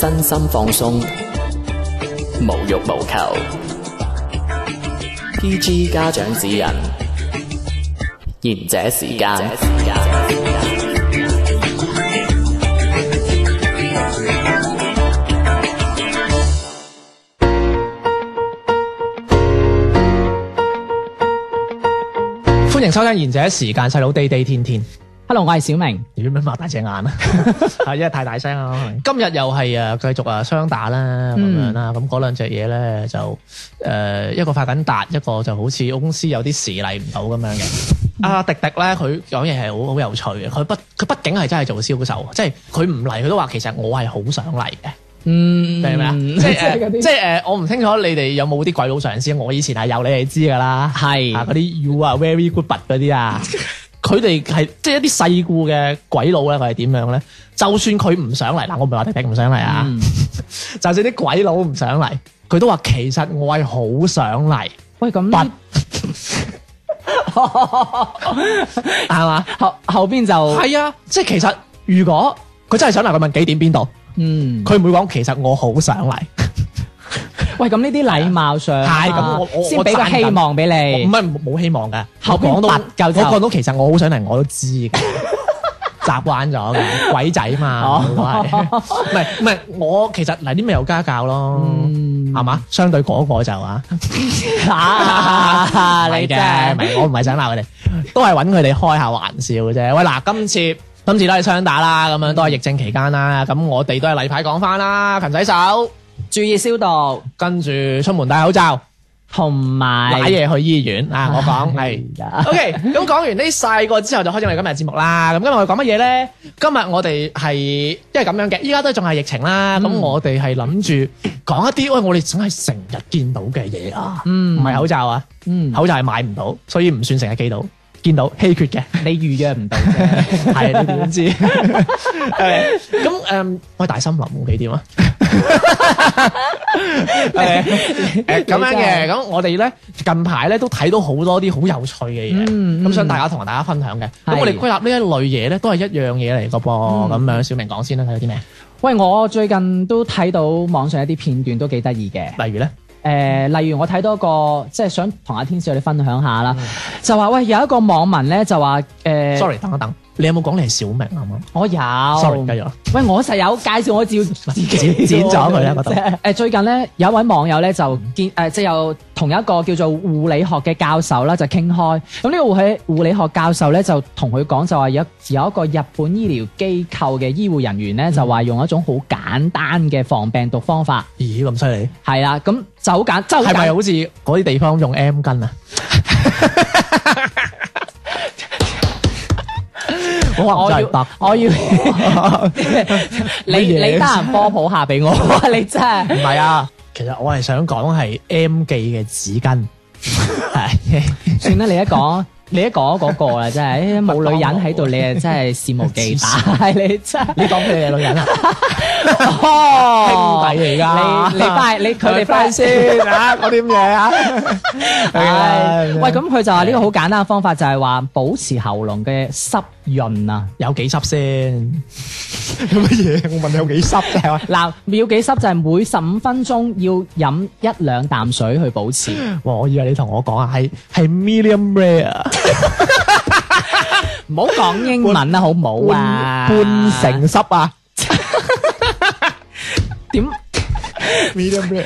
身心放鬆，無欲無求。PG 家長指引，賢者時間。歡迎收聽賢者時間，細佬地地天天。hello，我係小明。點解擘大隻眼啊？係因為太大聲啊！今日又係誒，繼續誒，雙打啦咁樣啦。咁嗰兩隻嘢咧就誒，一個發緊達，一個就好似公司有啲事嚟唔到咁樣嘅。阿迪迪咧，佢講嘢係好好有趣嘅。佢不佢畢竟係真係做銷售，即係佢唔嚟，佢都話其實我係好想嚟嘅。嗯，明唔明啊？即係即係誒，我唔清楚你哋有冇啲鬼佬上司。我以前係有，你哋知噶啦。係嗰啲 You are very good 啲啊。佢哋係即係一啲細故嘅鬼佬咧，佢係點樣咧？就算佢唔想嚟，嗱，我唔係話佢哋唔想嚟啊。嗯、 就算啲鬼佬唔想嚟，佢都話其實我係好想嚟。喂，咁係嘛？後後邊就係 啊！ 即係其實，如果佢真係想嚟，佢問幾點邊度？嗯，佢唔會講其實我好想嚟。喂，咁呢啲禮貌上、啊，先俾個希望俾你。唔係冇希望嘅，後面我講到，九九我講到其實我好想嚟，我都知嘅， 習慣咗嘅，鬼仔嘛，唔係唔係，我其實嗱啲咪有家教咯，係嘛、嗯？相對嗰個就啊，你嘅，我唔係想鬧佢哋，都係揾佢哋開下玩笑嘅啫。喂，嗱、呃，今次今次，今次都係雙打啦，咁樣都係疫症期間啦，咁我哋都係例牌講翻啦，勤洗手。注意消毒，跟住出門戴口罩，同埋買嘢去醫院啊！我講係，OK。咁講完呢細個之後，就開始我哋今日節目啦。咁今日我哋講乜嘢咧？今日我哋係因為咁樣嘅，依家都仲係疫情啦。咁我哋係諗住講一啲，喂，我哋總係成日見到嘅嘢啊，唔係口罩啊，口罩係買唔到，所以唔算成日見到，見到稀缺嘅，你預約唔到，係你點知？咁誒，我係大森林冇幾點啊？咁樣嘅，咁、嗯、我哋咧近排咧都睇到好多啲好有趣嘅嘢，咁、嗯、想大家同大家分享嘅。咁是我哋歸納呢一類嘢咧，都係一樣嘢嚟嘅噃。咁、嗯、樣，小明講先啦，睇到啲咩？喂，我最近都睇到網上一啲片段都幾得意嘅。例如咧，誒、呃，例如我睇到一個，即、就、係、是、想同阿天使你分享下啦，嗯、就話喂，有一個網民咧就話，誒、呃、，sorry，等一等。你有冇講你係小明啱唔啱？我有，sorry，繼續。喂，我室友介紹我照自己 剪咗佢咧嗰度。誒，最近咧有一位網友咧就見誒，即係有同一個叫做護理學嘅教授啦，就傾開。咁呢個係護理學教授咧，就同佢講就話有有一個日本醫療機構嘅醫護人員咧，就話用一種好簡單嘅防病毒方法。咦、嗯，咁犀利？係啦，咁就好簡，係咪好似嗰啲地方用 M 根啊？ 我真我要你 你得閒科普下畀我， 你真係唔係啊！其實我係想講係 M 記嘅紙巾， 算啦，你一講。你一講嗰個啊，真係冇女人喺度，你啊真係肆無忌憚。你真，你講俾你嘅女人啊，唔抵嘅。你你翻你佢哋翻先啊，嗰啲嘢啊。喂，咁佢就話呢個好簡單嘅方法就係話保持喉嚨嘅濕潤啊，有幾濕先？有乜嘢？我問你有幾濕？係嘛？嗱，要幾濕就係每十五分鐘要飲一兩啖水去保持。我以為你同我講啊，係係 medium rare。唔好講英文啦，半好唔好啊？半成濕啊？點？你真係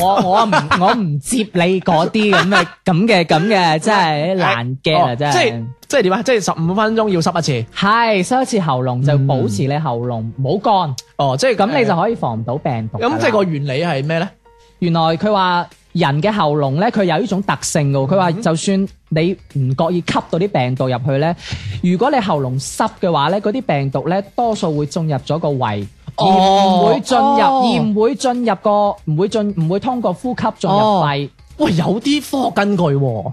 我我唔我唔 接你嗰啲咁嘅咁嘅咁嘅，真係難 get 啊、哦！即係即係點啊？即係十五分鐘要濕一次，係濕 一次喉嚨就保持你喉嚨冇乾。哦，即係咁，你就可以防唔到病毒。咁即係個原理係咩咧？原來佢話。人嘅喉嚨呢，佢有呢種特性噶。佢話就算你唔覺意吸到啲病毒入去呢，如果你喉嚨濕嘅話呢，嗰啲病毒呢，多數會進入咗個胃，哦、而唔會進入，哦、而唔會進入個，唔會進，唔會通過呼吸進入肺。哦喂，有啲科學根據喎，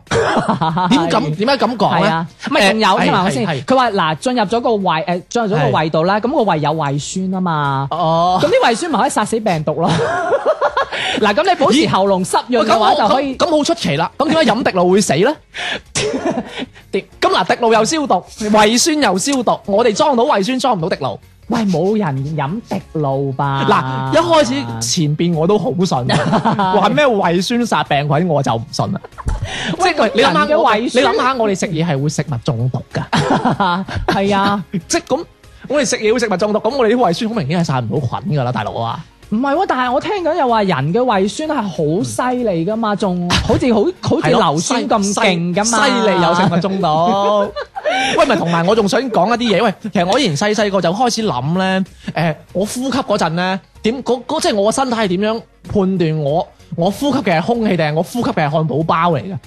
點咁點解咁講咧？唔係仲有添啊？我先佢話嗱，進入咗個胃誒，進入咗個胃度啦，咁個胃有胃酸啊嘛，咁啲胃酸咪可以殺死病毒咯。嗱，咁你保持喉嚨濕潤嘅話就可以，咁好出奇啦。咁點解飲滴露會死咧？咁嗱，滴露又消毒，胃酸又消毒，我哋裝到胃酸裝唔到滴露。喂，冇人飲滴露吧？嗱，一開始前邊我都好信，話咩 是胃酸殺病菌，我就唔信啦。即係喂喂你諗下佢胃酸，你諗下我哋食嘢係會食物中毒㗎，係 啊。即係咁，我哋食嘢會食物中毒，咁我哋啲胃酸好明顯係殺唔到菌㗎啦，大佬啊！唔係喎，但係我聽緊又話人嘅胃酸係好犀利噶嘛，仲好似好般般 ASHLEY 好似硫酸咁勁噶嘛，犀利有食物中毒。 喂，咪同埋我仲想講一啲嘢。喂， 其實我以前細細個就開始諗咧，誒、呃，我呼吸嗰陣咧，點即係我身體係點樣判斷我我呼吸嘅係空氣定係我呼吸嘅係漢堡包嚟嘅？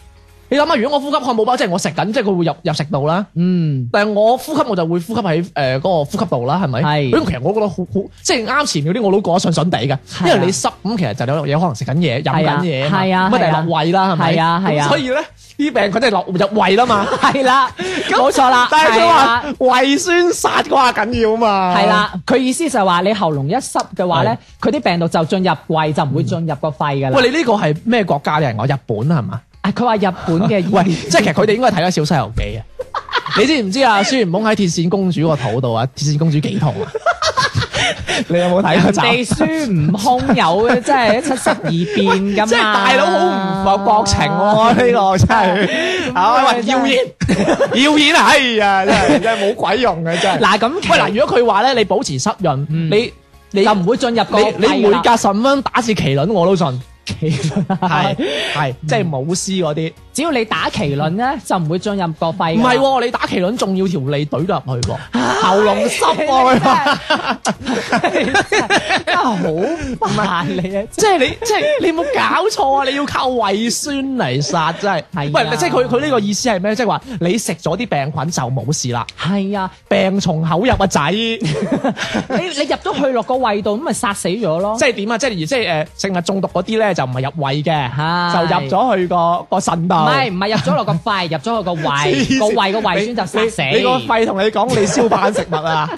你諗下，如果我呼吸漢堡包，即係我食緊，即係佢會入入食道啦。嗯，但係我呼吸我就會呼吸喺誒嗰個呼吸道啦，係咪？係是。咁其實我覺得好好，即係啱前嗰啲我都覺得順順地嘅。啊、因為你濕咁，其實就有嘢，可能食緊嘢、飲緊嘢，係啊。乜、啊？但係落胃啦，係咪？ 係啊，係啊。所以咧，啲病佢哋落入胃啦嘛。係啦，冇錯啦。但係佢話胃酸殺挂緊要嘛。係啦、啊，佢意思就係話你喉嚨一濕嘅話咧，佢啲、嗯、病毒就進入胃，就唔會進入個肺噶啦、嗯。喂，你呢個係咩國家嚟？我日本係嘛？佢話日本嘅，喂，即係其實佢哋應該睇咗《小西遊記》啊？你知唔知啊？孫悟空喺鐵扇公主個肚度啊，鐵扇公主幾痛啊？你有冇睇嗰集？你人哋孫悟空有即係七十二變噶嘛？即係大佬好唔合國情喎，呢個真係啊！話謠言，謠言哎呀，真係真係冇鬼用嘅真。嗱咁，喂嗱，如果佢話咧，你保持濕潤，你你就唔會進入到。你每隔十五分鐘打次麒麟我都信。係係，即係舞獅嗰啲。只要你打奇輪咧，就唔會進入個肺。唔係，你打奇輪仲要條脷懟入去個喉嚨塞喎。真係好煩你啊！即係你，即係你有冇搞錯啊！你要靠胃酸嚟殺，真係係是、啊。即係佢佢呢個意思係咩？即係話你食咗啲病菌就冇事啦。係是啊，病從口入啊，仔。 你你入咗去落個胃度，咁咪殺死咗咯。即係點啊？即係即係誒，食物中毒嗰啲咧就唔係入胃嘅， 就入咗去個個腎度。唔係唔係入咗落個肺，入咗去個胃， 子個胃個胃酸就殺死你。你個肺同你講你燒飯食物啊！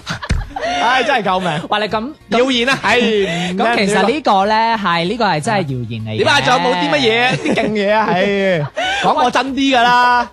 唉、 哎，真係救命！話你咁謠言啊，係咁其實呢個呢說、這個咧係呢個係真係謠言嚟。點解仲有冇啲乜嘢啲勁嘢啊？係講我真啲噶啦。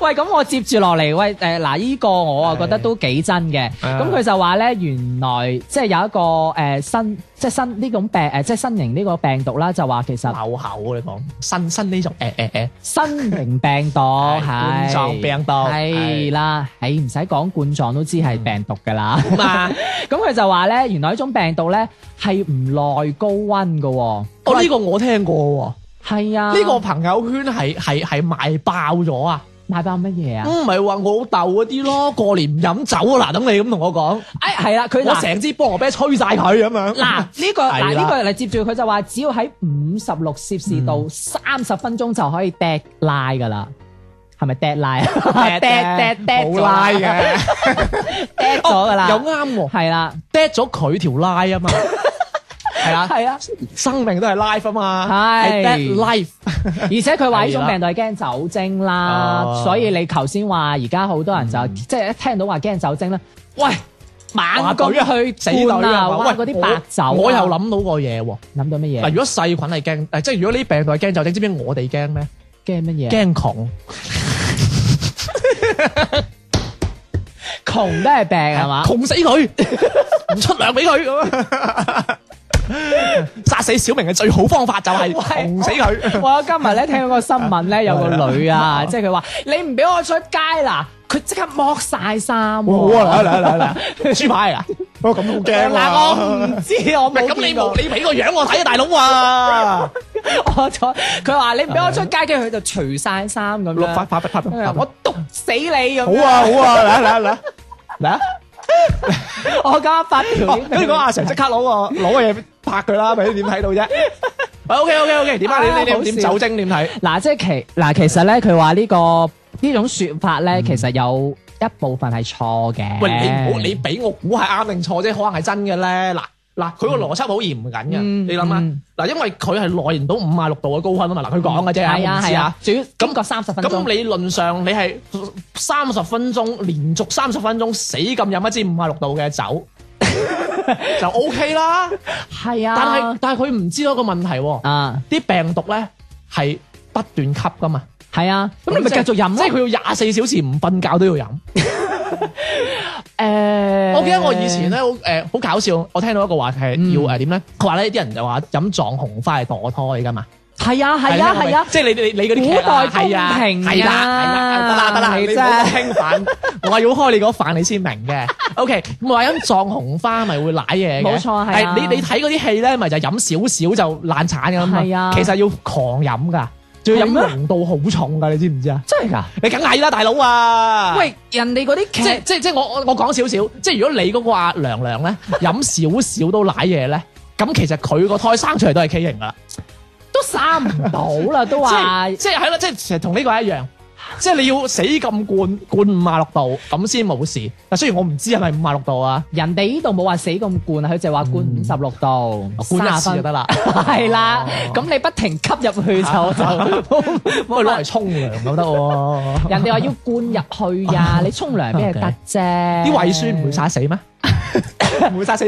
喂，咁我接住落嚟，喂，誒、呃，嗱，呢個我啊覺得都幾真嘅。咁佢的就話咧，原來即係、就是、有一個誒、呃、新，即係新呢種病，誒、呃，即係新型呢個病毒啦，就話其實口口，你講新新呢種誒誒誒，新型病毒係 的冠狀病毒，係啦的，誒唔使講冠狀都知係病毒噶啦嘛。咁佢、嗯、 就話咧，原來呢種病毒咧係唔耐高溫嘅。哦，呢、這個我聽過。係啊的，呢個朋友圈係係係賣爆咗啊！買包乜嘢啊？唔係話我好逗嗰啲咯，過年唔飲酒啊！嗱，等你咁同我講，誒，係啦，佢我成支菠蘿啤吹晒佢咁樣。嗱呢、啊這個，嗱呢啦、啊這個人嚟接住佢就話，只要喺五十六攝氏度三十分鐘就可以 dead 拉噶啦，係咪 dead 拉啊？dead dead dead 拉嘅，dead 咗噶啦，又啱係啦，dead 咗佢條拉啊嘛。 係啊，係啊，生命都係 life 啊嘛，係 life。而且佢話呢種病毒係驚酒精啦，所以你頭先話而家好多人就即係一聽到話驚酒精咧，喂，猛咁去搬啊，嗰啲白酒。我又諗到個嘢，諗到乜嘢？嗱，如果細菌係驚，誒，即係如果呢啲病毒係驚酒精，知唔知我哋驚咩？驚乜嘢？驚窮，窮都係病係嘛？窮死佢，唔出糧俾佢。殺死小明嘅最好方法就係窮死佢。我今日咧聽到個新聞咧，有個女啊，即係佢話你唔俾我出街，嗱，佢即刻剝晒衫。好啊，嚟嚟嚟嚟，豬排啊！我咁都驚。嗱，我唔知我冇。咁你冇你俾個樣我睇啊，大佬啊！我坐，佢話你唔俾我出街，跟住佢就除晒衫咁。六我毒死你咁。好啊好啊，嚟嚟嚟嚟。 我加發條，不如講阿成即刻攞個攞嘢拍佢啦，咪你點睇到啫？O K O K O K，點解你呢點點酒精點睇？嗱、啊，即係其嗱、啊，其實咧佢話呢、這個呢種說法咧，其實有一部分係錯嘅。嗯、喂，你唔好你俾我估係啱定錯啫，可能係真嘅咧。嗱、啊。嗱，佢個邏輯好嚴謹嘅，你諗啊？嗱，因為佢係耐唔到五啊六度嘅高溫啊嘛，嗱，佢講嘅啫，我唔知啊。主要咁個三十分鐘，咁理論上你係三十分鐘連續三十分鐘死咁飲一支五啊六度嘅酒就 OK 啦。係啊，但係但係佢唔知道個問題喎，啊，啲病毒咧係不斷吸噶嘛。係啊，咁你咪繼續飲即係佢要廿四小時唔瞓覺都要飲。誒。我記得我以前咧，好好搞笑。我聽到一個話題，要誒點咧？佢話咧啲人就話飲藏紅花係墮胎噶嘛。係啊，係啊，係啊，即係你你你嗰啲古代係啊，係啊，得啦得啦，你唔好興奮。我話要果開你嗰飯，你先明嘅。O K，我話飲藏紅花咪會舐嘢。冇錯，係。你你睇嗰啲戲咧，咪就飲少少就難產咁啊？其實要狂飲噶。仲要飲濃度好重噶，嗎你知唔知啊？真係噶，你梗係啦，大佬啊！喂，人哋嗰啲劇，即即即我我我講少少，即如果你嗰個阿娘娘咧 飲少少都瀨嘢咧，咁其實佢個胎生出嚟都係畸形啦，都生唔到啦，都話即係啦，即係其實同呢個一樣。即係你要死咁灌，灌五啊六度咁先冇事。但雖然我唔知係咪五啊六度啊，人哋呢度冇話死咁灌啊，佢就話灌五十六度，嗯、灌下時就得 啦。係啦，咁你不停吸入去就 就、啊，唔好攞嚟沖涼就，得喎。人哋話要灌入去呀、啊， 你沖涼邊得啫？啲胃 Okay. 酸唔會殺死咩？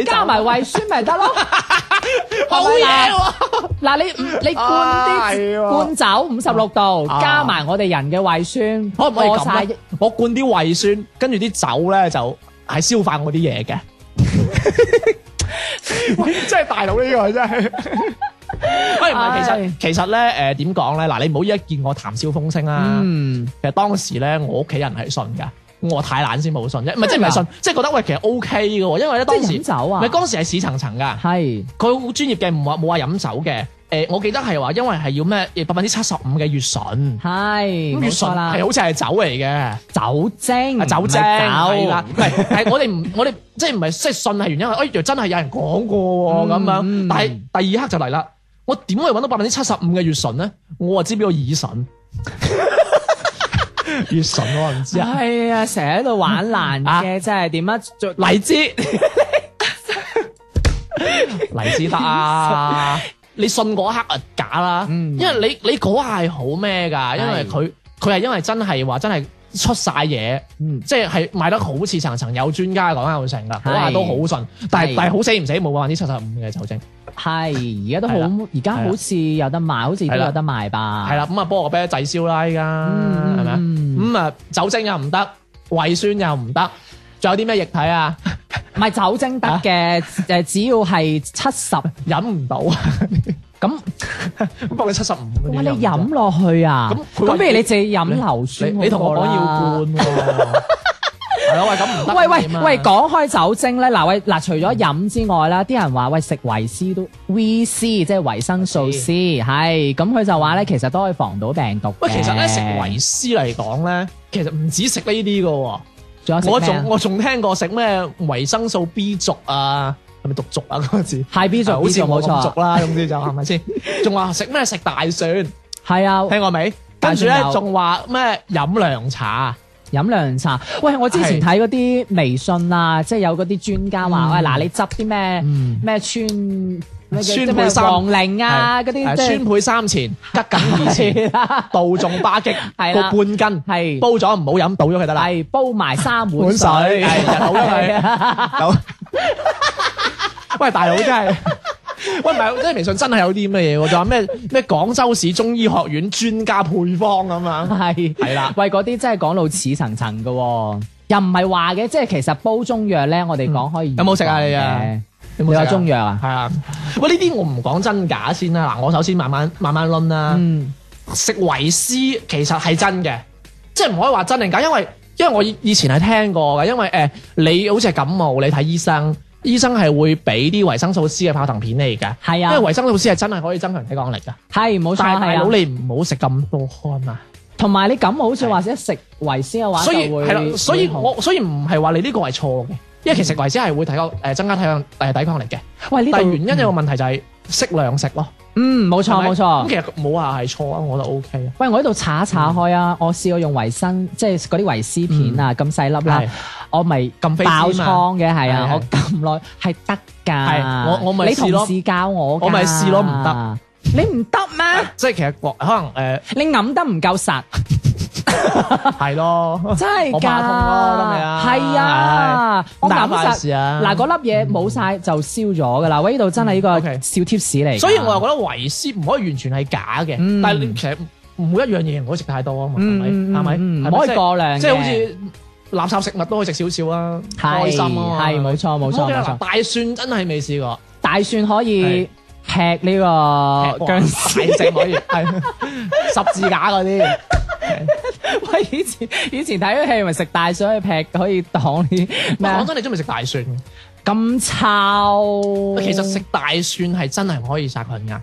加埋胃酸咪得咯，好嘢！嗱，你你灌啲灌酒五十六度，加埋我哋人嘅胃酸，可唔可以咁？我灌啲胃酸，跟住啲酒咧就係消化我啲嘢嘅。真係大佬，呢個真係，喂，其實其實咧，誒，點講咧？嗱，你唔好依家見我談笑風生啦。嗯，其實當時咧，我屋企人係信噶。我太懶先冇信啫，唔係的即係唔係信，即係覺得喂其實 O K 嘅，因為咧當時唔係、啊、當時係屎層層噶，係佢好專業嘅，唔話冇話飲酒嘅。誒、呃，我記得係話因為係要咩百分之七十五嘅乙醇，係乙醇係好似係酒嚟嘅酒精，啊、酒精係啦，係但係我哋唔我哋即係唔係即係信嘅原因係，哎呀真係有人講過咁樣，但係第二刻就嚟啦，我點可搵到百分之七十五嘅乙醇咧？我啊知邊個乙醇？ 越純我唔知啊，係啊，成日喺度玩爛嘅，真係點啊？做荔枝，荔枝啊！你信嗰刻啊假啦，因為你你嗰刻係好咩噶？因為佢佢係因為真係話真係出晒嘢，嗯，即係係賣得好似層層有專家講啱又成噶，嗰下都好順，但係但係好死唔死冇百分之七十五嘅酒精。係而家都好，而家好似有得賣，好似都有得賣吧。係啦，咁啊，幫我啤仔燒啦依家，係咪？咁啊，酒精又唔得，胃酸又唔得，仲有啲咩液體啊？唔係酒精得嘅，誒，只要係七十飲唔到，咁，咁百你七十五。喂，你飲落去啊？咁，咁不如你淨飲硫酸，你你同我講要灌。係咯，喂，咁唔得。喂喂喂，講開酒精咧，嗱喂，嗱除咗飲之外啦，啲人話喂食維 C 都 V C，即係維生素 C，係咁佢就話咧，其實都可以防到病毒。喂，其實咧食維 C 嚟講咧，其實唔止食呢啲噶，仲有食咩啊？我仲我仲聽過食咩維生素 B 族啊？係咪毒族啊？個字係 B 族，好似冇錯，毒族啦，總之 錯錯就係咪先？仲話食咩食大蒜？係啊，聽過未？跟住咧仲話咩飲涼茶飲涼茶，喂！我之前睇嗰啲微信啊，即係有嗰啲專家話，喂嗱，你執啲咩咩穿咩三零啊，嗰啲，川係配三錢，吉錦二錢，杜仲巴戟，個半斤，係煲咗唔好飲，倒咗佢得啦，係煲埋三碗水，倒，喂，大佬真係。喂，唔係，即係微信真係有啲乜嘢喎？就話咩咩廣州市中醫學院專家配方咁樣，係係啦，了喂，嗰啲真係講到似層層嘅，又唔係話嘅，即係其實煲中藥咧，我哋講開有冇食啊？你，你啊，有冇有中藥啊？係啊，喂，呢啲我唔講真假先啦。嗱，我首先慢慢慢慢掄啦。嗯，食維 C 其實係真嘅，即係唔可以話真定假，因為因為我以以前係聽過嘅，因為誒、呃、你好似係感冒，你睇醫生。醫生係會俾啲維生素 C 嘅泡騰片嚟㗎，啊、因為維生素 C 係真係可以增強抵抗力㗎。係冇錯，但係大佬、啊、你唔好食咁多啊嘛。同埋你咁好似話，如果食維 C 嘅話，所以係啦、啊，所以我所以唔係話你呢個係錯嘅，因為其實維 C 係會提高誒、呃、增加體抗係抵、呃、抗力嘅。喂，但係原因有個問題就係、係。嗯適量食咯，嗯，冇錯冇錯，咁其實冇話係錯啊，我覺得 O K 啊。喂，我喺度查一查開啊，我試過用維生，即係嗰啲維 C 片啊，咁細粒啦，我咪撳爆瘡嘅，係啊，我撳耐，係得噶，我我咪你同事教我，我咪試咯，唔得，你唔得咩？即係其實可能誒，你揞得唔夠實。係咯，真係假噶係啊，我諗啊。嗱嗰粒嘢冇晒就燒咗噶啦，喂，呢度真係呢個小貼士嚟，所以我又覺得維 C 唔可以完全係假嘅，但係你其實每一樣嘢唔可以食太多啊嘛，係咪？係咪？唔可以過量，即係好似垃圾食物都可以食少少啊，開心啊，係冇錯冇錯，大蒜真係未試過，大蒜可以劈呢個僵屍，可以係十字架嗰啲。喂，以前以前睇咗戲咪食大蒜去劈可以擋啲咩？講真，你中唔中意食大蒜？咁臭、啊！其實食大蒜係真係唔可以殺菌噶。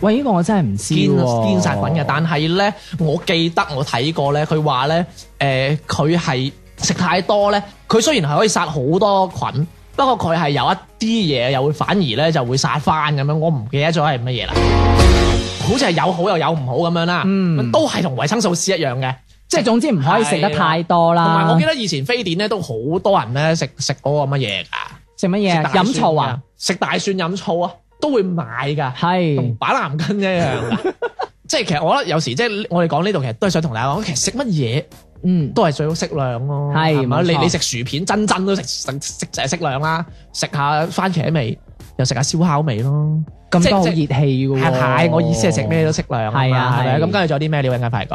喂，呢、這個我真係唔知、啊。堅殺菌嘅，但係咧，我記得我睇過咧，佢話咧，誒、呃，佢係食太多咧，佢雖然係可以殺好多菌，不過佢係有一啲嘢又會反而咧就會殺翻咁樣，我唔記得咗係乜嘢啦。嗯、好似係有好又有唔好咁樣啦。都係同維生素 C 一樣嘅。即係總之唔可以食得太多啦。同埋我記得以前非典咧，都好多人咧食食嗰個乜嘢噶？食乜嘢？飲醋啊？食大蒜飲醋啊？都會買噶。係同板藍根一樣。即係其實我覺得有時即係我哋講呢度其實都係想同大家講，其實食乜嘢嗯都係最好適量咯。係你你食薯片真真都食食食就適量啦。食下番茄味又食下燒烤味咯。咁多好熱氣太，我意思係食咩都適量。係啊，係啊？咁跟住仲有啲咩料應該排骨？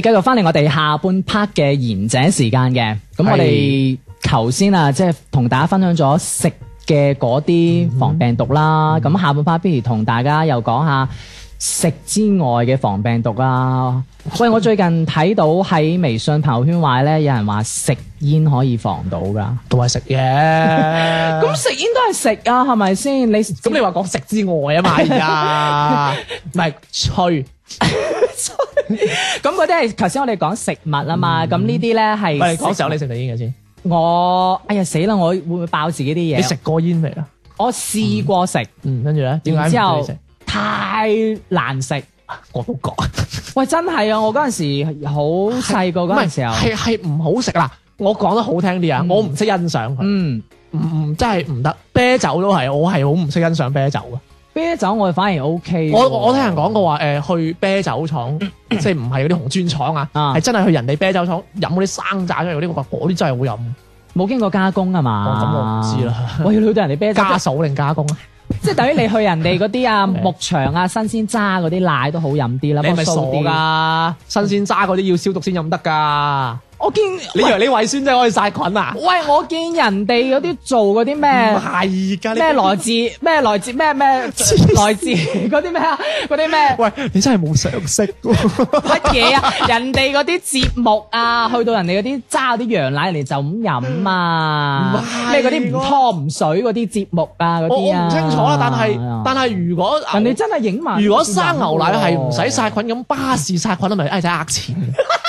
繼續翻嚟我哋下半 part 嘅賢者時間嘅，咁是我哋頭先啊，即係同大家分享咗食嘅嗰啲防病毒啦，咁、嗯嗯、下半 part，不如同大家又講下食之外嘅防病毒啊。喂，我最近睇到喺微信朋友圈話咧，有人話食煙可以防到噶，都係 食嘅。咁食煙都係食啊，係咪先？你咁你話講食之外 啊嘛？而家唔係吹。脆 咁嗰啲係頭先我哋講食物啊嘛，咁、嗯嗯、呢啲咧係唔係？講時候你食到食煙嘅先？我哎呀死啦！我會唔會爆自己啲嘢？你食過煙未啊？我試過食，嗯，跟住咧，點解唔可以食？太難食，我都覺喂，真係啊！我嗰陣時好細個嗰陣時候，係係唔好食啦！我講得好聽啲啊，我唔識欣賞佢，嗯，唔唔、嗯嗯、真係唔得。啤酒都係，我係好唔識欣賞啤酒啊！啤酒我反而 O、OK、K，我我我聽人講過話，誒、呃、去啤酒廠， 即係唔係嗰啲紅磚廠啊，係、啊、真係去人哋啤酒廠飲嗰啲生榨出嚟嗰啲，我話嗰啲真係好飲，冇經過加工啊嘛。咁、哦、我唔知啦。我 要去到人哋啤酒。加手定加工，即係 等於你去人哋嗰啲啊 Okay. 牧場啊新鮮渣嗰啲奶都好飲啲啦。係咪傻噶？啊，新鮮渣嗰啲要消毒先飲得噶。我見你以為你胃酸真係可以殺菌啊？喂，我見人哋嗰啲做嗰啲咩？唔係，咩來自咩來自咩咩來自嗰啲咩啊？嗰啲咩？喂，你真係冇常識，乜嘢啊？人哋嗰啲節目啊，去到人哋嗰啲揸啲羊奶嚟就咁飲啊？咩嗰啲唔湯唔水嗰啲節目啊？嗰啲啊？我我唔清楚啦，但係 但係如果人哋真係影埋，如果生牛奶係唔使殺菌咁，巴士殺菌都咪係呃錢。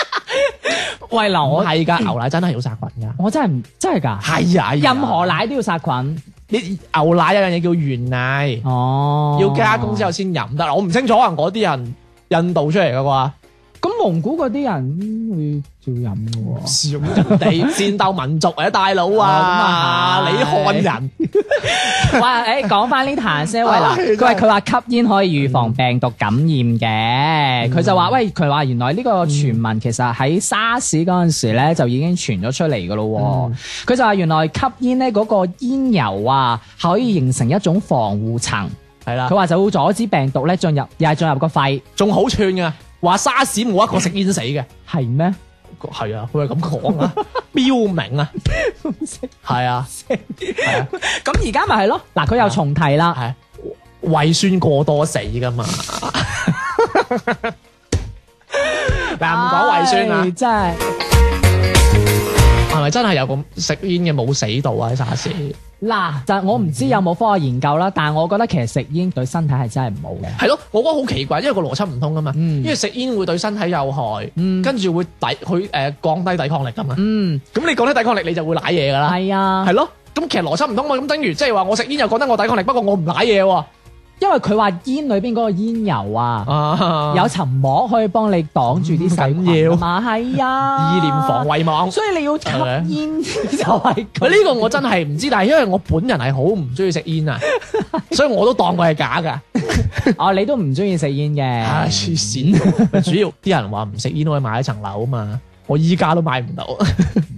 喂，劉，係噶 牛奶真係要殺菌噶，我真係唔真係噶，係啊，啊任何奶都要殺菌。你、啊、牛奶有樣嘢叫原奶，哦，要加工之後先飲得啦。我唔清楚啊，嗰啲人印度出嚟噶啩。咁蒙古嗰啲人會照飲嘅喎，笑人哋戰鬥民族啊，大佬啊，你看人。哇！誒，講翻呢壇先喂，嗱，佢話佢話吸煙可以預防病毒感染嘅，佢就話喂，佢話原來呢個傳聞其實喺沙士嗰陣時咧就已經傳咗出嚟噶咯。佢就話原來吸煙咧嗰個煙油啊，可以形成一種防護層，係啦。佢話就會阻止病毒咧進入，又係進入個肺，仲好串噶。話沙士冇一個食煙死嘅，係咩嗎？係啊，佢係咁講啊，標明 啊，係 啊，咁而家咪係咯，嗱，佢又重提啦，胃酸、啊、過多死噶嘛，嗱，唔講胃酸啦，真係係咪真係有個食煙嘅冇死到啊喺沙士？嗱，但係，就係，我唔知有冇科學研究啦，嗯、但係我覺得其實食煙對身體係真係唔好嘅。係咯，我覺得好奇怪，因為個邏輯唔通㗎嘛。嗯、因為食煙會對身體有害，跟住，嗯、會抵佢誒降低抵抗力㗎嘛。嗯，咁你降低抵抗力你就會瀨嘢㗎啦。係啊。係咯，咁其實邏輯唔通嘛。咁等於即係話我食煙又降低我抵抗力，不過我唔瀨嘢喎。因為佢話煙裏面嗰個煙油啊，啊啊有層膜可以幫你擋住啲細菌，係呀、嗯，要啊、意念防衛網。所以你要抽煙的 就係佢呢個我真係唔知，但係因為我本人係好唔中意食煙啊， 所以我都當佢係假噶。 哦，你都唔中意食煙嘅，黐線！主要啲人話唔食煙可以買一層樓嘛。我依家都買唔到，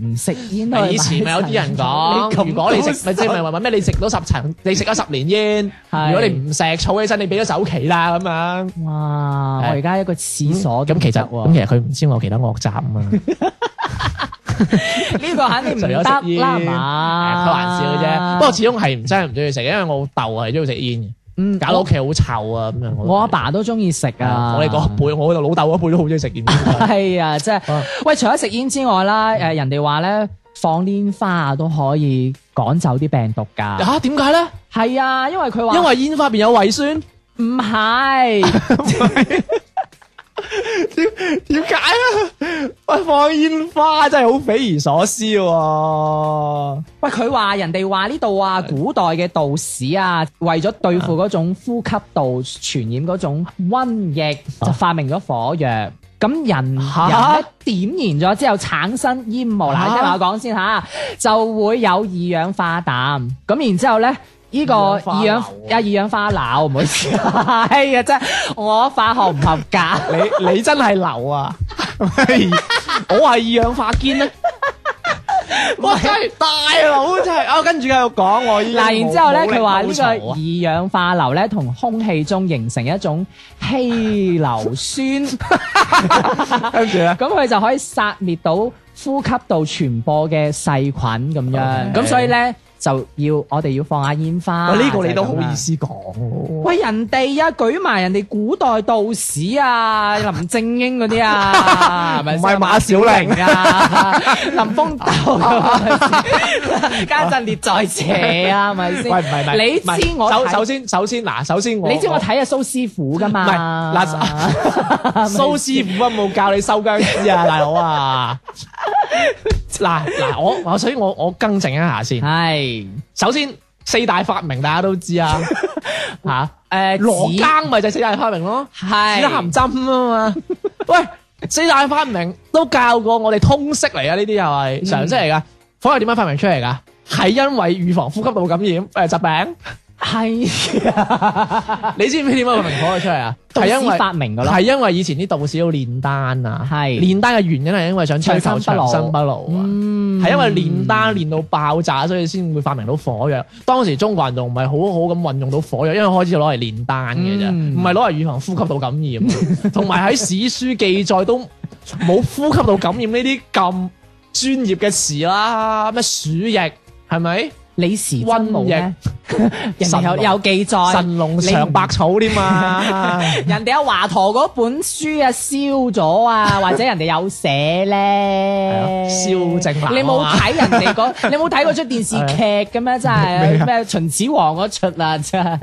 唔食煙。以前咪有啲人講，如果你食，咪即係咪話咩？你食到十層，你食咗十年煙。如果你唔食，儲起身你俾咗首期啦咁樣。哇！我而家一個廁所。咁其實，咁其實佢唔知我其他惡習啊嘛。呢個肯定唔得啦嘛，開玩笑嘅啫。不過始終係唔真係唔中意食，因為我老竇係中意食煙嘅。搞到屋企好臭啊！咁樣，我阿爸都中意食啊！我哋嗰一輩，我老豆嗰輩都好中意食煙。係啊，即係，喂，除咗食煙之外啦，誒，人哋話咧放煙花啊都可以趕走啲病毒噶。吓？點解咧？係啊，因為佢話因為煙花邊有胃酸，唔係。點點解啊？喂，放煙花真係好匪夷所思喎！喂，佢話人哋話呢度啊古代嘅道士啊，為咗對付嗰種呼吸道傳染嗰種瘟疫，啊、就發明咗火藥。咁人、啊、人點燃咗之後，產生煙霧，嗱、啊，聽我講先吓，就會有二氧化氮。咁然之後呢。呢個二氧化一二氧化硫，唔好意思，係啊真，我化學唔合格。你你真係流啊，我係二氧化堅啊，我真係大佬真係。 我跟住繼續講我呢。嗱，然之後咧佢話呢個二氧化硫咧同空氣中形成一種稀硫酸，跟住咧，咁佢 就可以殺滅到呼吸道傳播嘅細菌咁樣，咁所以咧。就要我哋要放下煙花，呢個你都好意思講？喂，人哋啊，舉埋人哋古代道士啊，林正英嗰啲啊，係咪唔係馬小玲啊， 林峯鬥， 家陣列在邪啊，係咪 先？喂，唔係唔係，你知我首首先首先嗱，首先我你知我睇下蘇師傅噶嘛？唔係，嗱，蘇師傅啊，冇教你收殭屍啊，大佬啊！嗱嗱， 我所以我我更正一下先。係是，首先四大發明大家都知 啊，吓、呃，誒，羅庚咪就四大發明咯，係是。得含針啊嘛， 喂，四大發明都教過我哋通識嚟啊，呢啲又係常識嚟噶？火係點樣發明出嚟噶？係因為預防呼吸道感染誒、呃、疾病。係，是 你知唔知點解會明火藥出嚟啊？道士發明噶咯，係因為以前啲道士要煉丹啊，係煉丹嘅原因係因為想追求長生不老啊，係、嗯、因為煉丹煉到爆炸，所以先會發明到火藥。嗯、當時中國人仲唔係好好咁運用到火藥，因為開始攞嚟煉丹嘅啫，唔係攞嚟預防呼吸道感染。同埋喺史書記載都冇呼吸道感染呢啲咁專業嘅事啦，咩鼠疫係咪？是李時珍冇益，人有有記載，神龍常百草添嘛？人哋阿華佗嗰本書啊燒咗啊，或者人哋有寫咧？燒正話，你冇睇人哋嗰，你冇睇嗰出電視劇嘅咩？真係咩秦始皇嗰出啊？真係，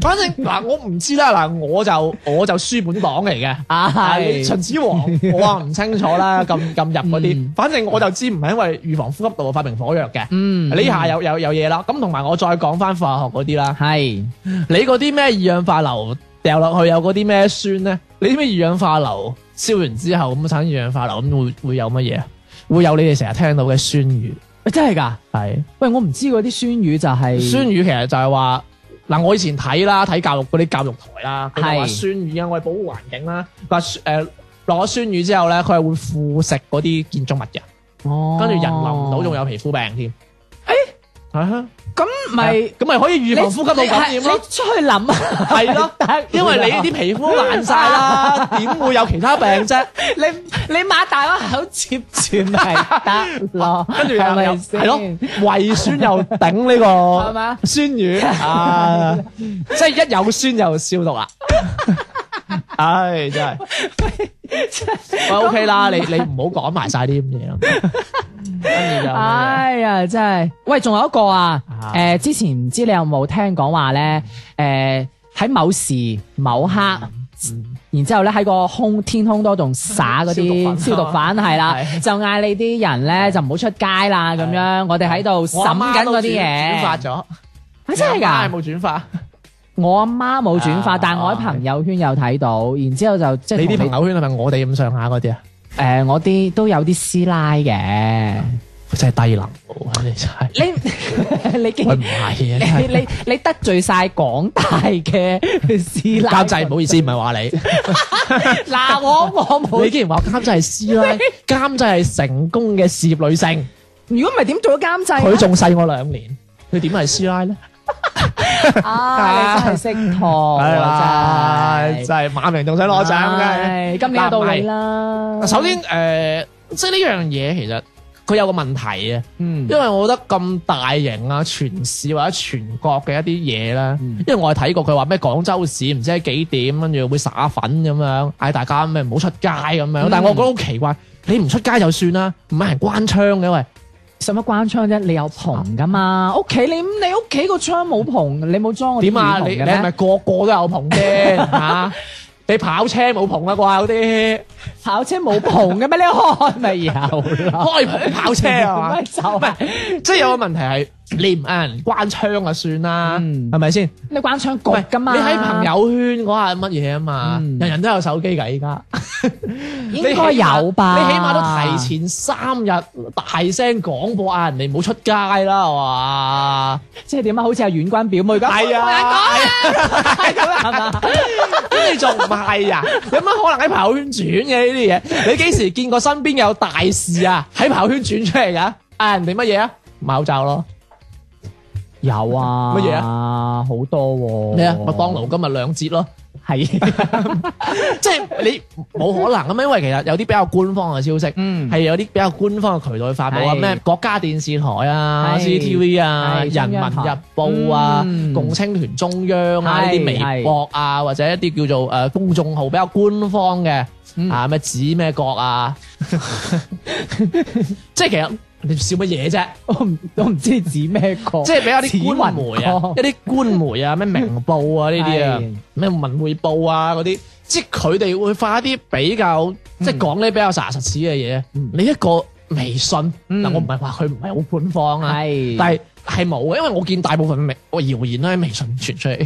反正嗱我唔知啦嗱，我就我就書本黨嚟嘅啊係秦始皇，我話唔清楚啦，咁咁入嗰啲，反正我就知唔係因為預防呼吸道發明火藥嘅，嗯，呢下有。有有嘢啦，咁同埋我再講翻化學嗰啲啦。係是你嗰啲咩二氧化硫掉落去，有嗰啲咩酸咧？你啲咩二氧化硫燒完之後咁產生二氧化硫咁會會有乜嘢啊？會有你哋成日聽到嘅酸雨，欸，真係噶？係是喂，我唔知嗰啲酸雨就係、是、酸雨，其實就係話嗱，我以前睇啦，睇教育嗰啲教育台啦，佢話是酸雨啊，我係保護環境啦，落酸誒落咗酸雨之後咧，佢係會腐蝕嗰啲建築物嘅，哦，跟住人淋到仲有，有皮膚病添，誒、欸。咁咪咁咪可以預防呼吸道感染咯。出去諗下，係咯。因為你啲皮膚爛晒啦，點會有其他病啫？你你馬大口接住咪得咯。跟住又係咯，胃酸又頂呢個酸雨啊！即係一有酸就消毒啊！唉，真係，喂，OK 啦。你你唔好講埋晒啲咁嘢啦。哎呀，真係！喂，仲有一個啊，誒，之前唔知你有冇聽講話咧？誒，喺某時某刻，然之後咧喺個空天空都仲灑嗰啲消毒粉，係啦，就嗌你啲人咧就唔好出街啦，咁樣，我哋喺度審緊嗰啲嘢。我媽都轉發咗。真係噶？我媽冇轉發。我阿媽冇轉發，但我喺朋友圈有睇到。然之後就即係。你啲朋友圈係咪我哋咁上下嗰啲啊？誒、呃，我啲都有啲師奶嘅，真係低能，你真係你你、 啊、你，你得罪晒廣大嘅師奶監製，唔中好意思，唔係話你嗱、 啊，我我冇 你竟然話監製係師奶，監製係成功嘅事業女性，如果唔係點做咗監製？佢仲細我兩年，佢點係師奶咧？ 啊！啊你真係識台，吧真係馬明仲想攞獎嘅，對今年到你啦。首先，誒、呃，即係呢樣嘢，其實佢有個問題嘅，嗯，因為我覺得咁大型啊，全市或者全國嘅一啲嘢咧，嗯、因為我係睇過佢話咩廣州市唔知喺幾點跟住會撒粉咁樣，嗌大家咩唔好出街咁樣，但係我覺得好奇怪，你唔出街就算啦，唔係人關窗嘅喂。使乜關窗啫？你有棚㗎嘛？屋企你你屋企個窗冇棚，你冇裝點啊？你你咪個個都有棚嘅。 你跑車冇篷啊啩？嗰啲跑車冇篷嘅咩？你開咪有咯？開跑車啊？唔係，即係有個問題係你唔啱，關窗就算啦，係咪先？你關窗焗噶嘛？你喺朋友圈嗰下乜嘢啊嘛？人人都有手機噶依家，應該有吧？你起碼都提前三日大聲廣播嗌人哋唔好出街啦，係嘛？即係點啊？好似係遠關表妹咁，係啊？係咁啊？你仲唔係啊，有乜可能喺朋友圈轉嘅呢啲嘢？你幾時見過身邊有大事啊喺朋友圈轉出嚟噶嗌人哋乜嘢啊？買口罩咯，有啊，乜嘢啊？好多喎。咩啊？麥當勞今日兩折咯。係，即係你冇可能咁，因為其實有啲比較官方嘅消息，係有啲比較官方嘅渠道去發布，咩國家電視台啊、CCTV 啊、人民日報啊、共青團中央啊呢啲微博啊，或者一啲叫做誒公眾號比較官方嘅，啊咩指咩國啊，即係其實。你笑乜嘢啫？我唔，我唔知指咩歌，即係比較啲官媒啊，一啲官媒啊，咩明報啊呢啲啊，咩 是文匯報啊嗰啲，即係佢哋會發一啲比較，嗯、即係講啲比較實實史嘅嘢。嗯、你一個微信，嗱、嗯、我唔係話佢唔係好官方啊，是但係係冇嘅，因為我見大部分微謠言咧，喺微信傳出嚟，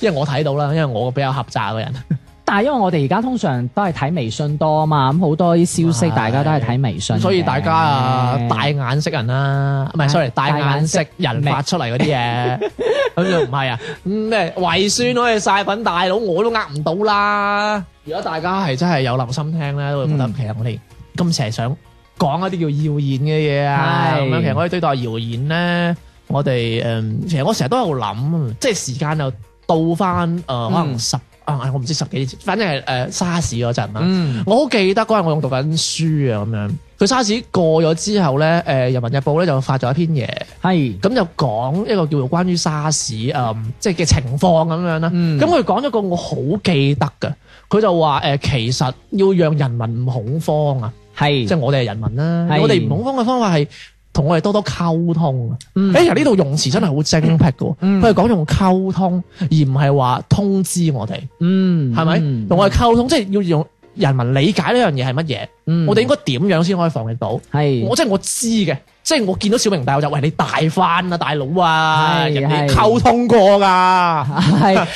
因為我睇到啦，因為我比較狹窄嘅人。 但係因為我哋而家通常都係睇微信多啊嘛，咁好多啲消息大家都係睇微信，所以大家啊大眼識人啦，啊，唔係的 sorry 大眼識人發出嚟嗰啲嘢，咁又唔係啊，咩胃酸可以晒品大佬，嗯、我都呃唔到啦。如果大家係真係有留心聽咧，都會覺得其實我哋今成日想講一啲叫謠言嘅嘢啊，咁的樣其實我哋對待謠言咧，我哋誒、嗯、其實我成日都有諗，即係時間又到翻誒、呃、可能十、嗯。啊！我唔知十幾年，反正係誒 SARS 嗰陣啦。我好記得嗰陣我用讀緊書啊，咁樣。佢沙士過咗之後咧，誒、呃《人民日報》咧就發咗一篇嘢，係咁是就講一個叫做關於沙士啊，即係嘅情況咁樣啦。咁佢講咗個我好記得嘅，佢就話誒、呃，其實要讓人民唔恐慌啊，係即係我哋係人民啦，我哋唔恐慌嘅方法係。同我哋多多溝通啊！哎、嗯，由呢度用詞真係好精闢噶，佢係講用溝通，而唔係話通知我哋，係咪？同我哋溝通，嗯、即係要用人民理解呢樣嘢係乜嘢？嗯、我哋應該點樣先可以防疫到？係的，我即係我知嘅。即係我見到小明大，口就餵你大翻啊，大佬啊，人哋溝通過㗎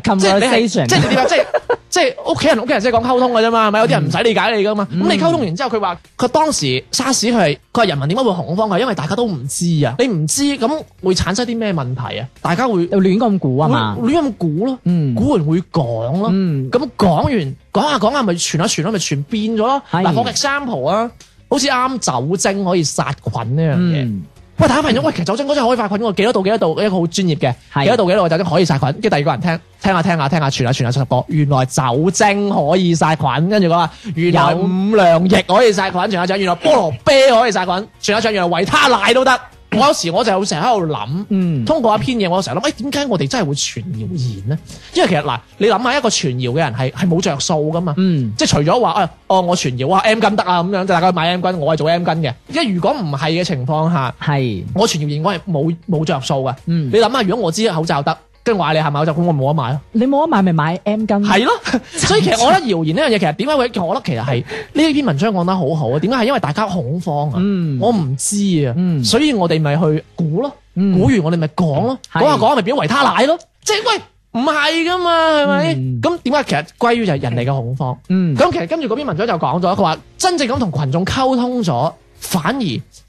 conversation 即係即係即係屋企人，屋企人即係講溝通㗎啫嘛，咪有啲人唔使理解你㗎嘛，咁你溝通完之後，佢話佢當時沙士，r 佢係話人民點解會恐慌係因為大家都唔知啊，你唔知咁會產生啲咩問題啊？大家會亂咁估啊嘛，亂咁估咯，估完人會講咯，嗯，咁講完講下講下咪傳下傳咯，咪傳變咗咯，嗱，我嘅 sample 啊。好似啱酒精可以殺菌呢樣嘢、嗯，喂，大家發現，喂，其實酒精嗰張可以殺菌的，我幾多度幾多度，一個好專業嘅，幾多度幾多度酒精可以殺菌，跟第二個人聽聽下聽下聽下，傳下傳下直播，原來酒精可以殺菌，跟住佢話，原來五糧液可以殺菌，傳下傳，傳，原來菠蘿啤可以殺菌，傳下傳，原來維他奶都得。我有時我就係會成日喺度諗，嗯、通過一篇嘢，哎、為我有成諗，誒點解我哋真係會傳謠言呢？因為其實嗱，你諗下一個傳謠嘅人係係冇着數㗎嘛，嗯、即除咗話誒，哦我傳謠啊 M 金得啊咁樣，就大家買 M 金，kin, 我係做 M 金嘅。因為如果唔係嘅情況下，係是我傳謠言我係冇，我係冇着數嘅。嗯、你諗下，如果我知道口罩得？即係話你係咪？我就估我冇得買咯。你冇得買咪買 M 巾。係咯，是的 所以其實我覺得謠言呢樣嘢，其實點解會？我覺得其實我諗其實係呢篇文章講得好好啊。點解係因為大家恐慌啊？嗯、我唔知啊。嗯、所以我哋咪去估咯。估、嗯、完我哋咪講咯。講下講咪變維他奶咯。即、就、係、是、喂唔係噶嘛？係咪？咁點解？其實歸於就係人哋嘅恐慌。咁、嗯、其實跟住嗰篇文章就講咗，佢話真正咁同群眾溝通咗，反而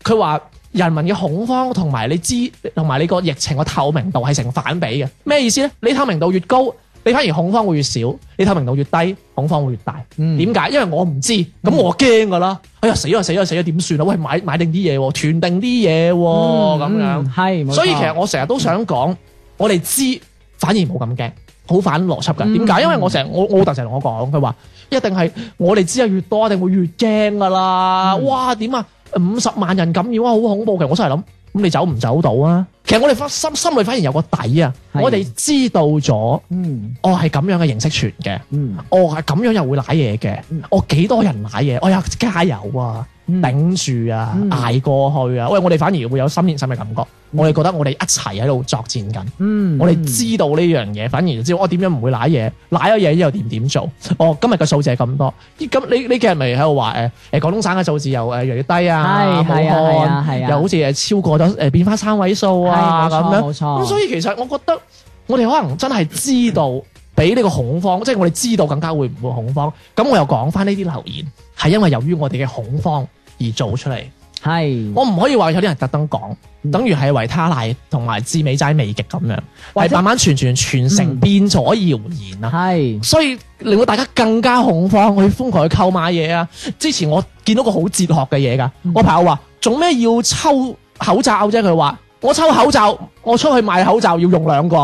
佢話。人民嘅恐慌同埋你知，同埋你個疫情嘅透明度係成反比嘅。咩意思咧？你透明度越高，你反而恐慌會越少；你透明度越低，恐慌會越大。點解、嗯？因為我唔知，咁我驚噶啦。哎呀，死咗死咗死咗，點算啊？喂，買買定啲嘢，囤定啲嘢、啊，咁、嗯、樣係。嗯、所以其實我成日都想講，我哋知反而冇咁驚，好反邏輯噶。點解？因為我成日，我我老豆成日同我講，佢話一定係我哋知得越多，一定會越驚噶啦。哇、嗯，點啊？五十萬人感染啊，好恐怖嘅！我真係諗，咁你走唔走到啊？其實我哋心心裏反而有個底啊，的我哋知道咗，嗯，哦係咁樣嘅形式傳嘅，嗯，哦係咁樣又會舐嘢嘅，我幾、嗯哦、多人舐嘢，我、哦、又加油啊！頂住啊，捱、嗯、過去啊！喂，我哋反而會有心連心嘅感覺。嗯、我哋覺得我哋一齊喺度作戰緊。嗯，我哋知道呢樣嘢，反而就知道我點、哦、樣唔會賴嘢，賴咗嘢又點點做。哦，今日嘅數字係咁多，咁呢呢幾日咪喺度話誒誒廣東省嘅數字又越嚟越低啊，係啊又好似誒超過咗誒、呃、變翻三位數啊咁樣。冇、啊、錯，咁錯所以其實我覺得我哋可能真係知道比呢個恐慌，即係 我哋知道更加會唔會恐慌。咁我又講翻呢啲流言，係因為由於我哋嘅恐慌。而做出嚟，係是我唔可以話有啲人特登講，等於係維他奶同埋致美齋味極咁樣，係嘩慢慢傳傳傳成變咗謠言啊！係是，所以令到大家更加恐慌去瘋狂去購買嘢啊！之前我見到個好哲學嘅嘢噶，嗯、我朋友話：，做咩要抽口罩啫？佢話我抽口罩，我出去買口罩要用兩個，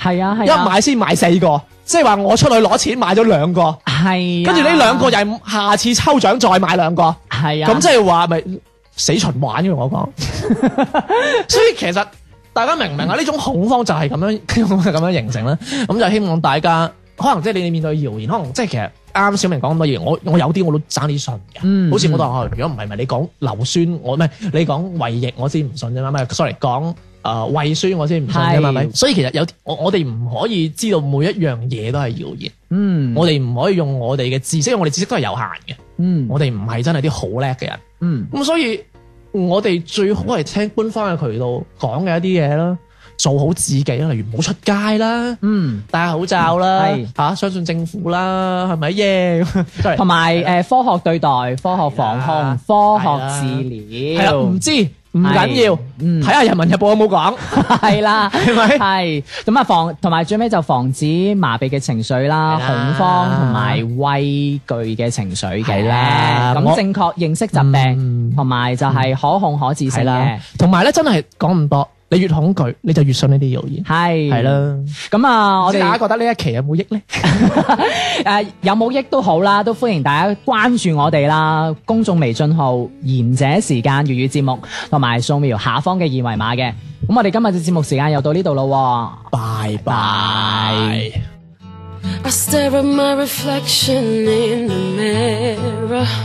係啊係、啊、一買先買四個，即係話我出去攞錢買咗兩個，係、啊，跟住呢兩個又下次抽獎再買兩個。係啊，咁即係話咪死循環，因為我講， 所以其實大家明唔明啊？呢 種恐慌就係咁樣，就咁 樣形成啦。咁就希望大家可能即係你面對謠言，可能即係其實啱小明講咁多嘢，我我有啲我都爭啲信嘅，好似我當開，如果唔係咪你講硫酸，我唔係你講胃液，我先唔信啫嘛，唔係，sorry，講。Sorry, 啊，胃酸我先唔信啫嘛，咪所以其實有我我哋唔可以知道每一樣嘢都係謠言。嗯，我哋唔可以用我哋嘅知識，因為我哋知識都係有限嘅。嗯，我哋唔係真係啲好叻嘅人。嗯，咁所以我哋最好係聽官方嘅渠道講嘅一啲嘢啦，做好自己，例如唔好出街啦，嗯，戴下口罩啦，嚇相信政府啦，係咪耶？同埋誒科學對待、科學防控、科學治療，係啦，唔知。唔緊要，睇下、嗯《人民日報》有冇講，係啦，係咪 吧？係咁啊，防同埋最尾就防止麻痹嘅情緒啦、恐慌同埋畏懼嘅情緒嘅啦。咁、嗯、正確認識疾病，同埋、嗯、就係可控可治性嘅，同埋咧真係講唔多。你越恐懼，你就越信呢啲謠言。係係啦，咁啊的，我哋大家覺得呢一期有冇益咧？誒， 有冇益都好啦，都歡迎大家關注我哋啦，公眾微信號賢者時間粵語節目同埋掃描下方嘅二維碼嘅。咁我哋今日嘅節目時間又到呢度啦，bye bye。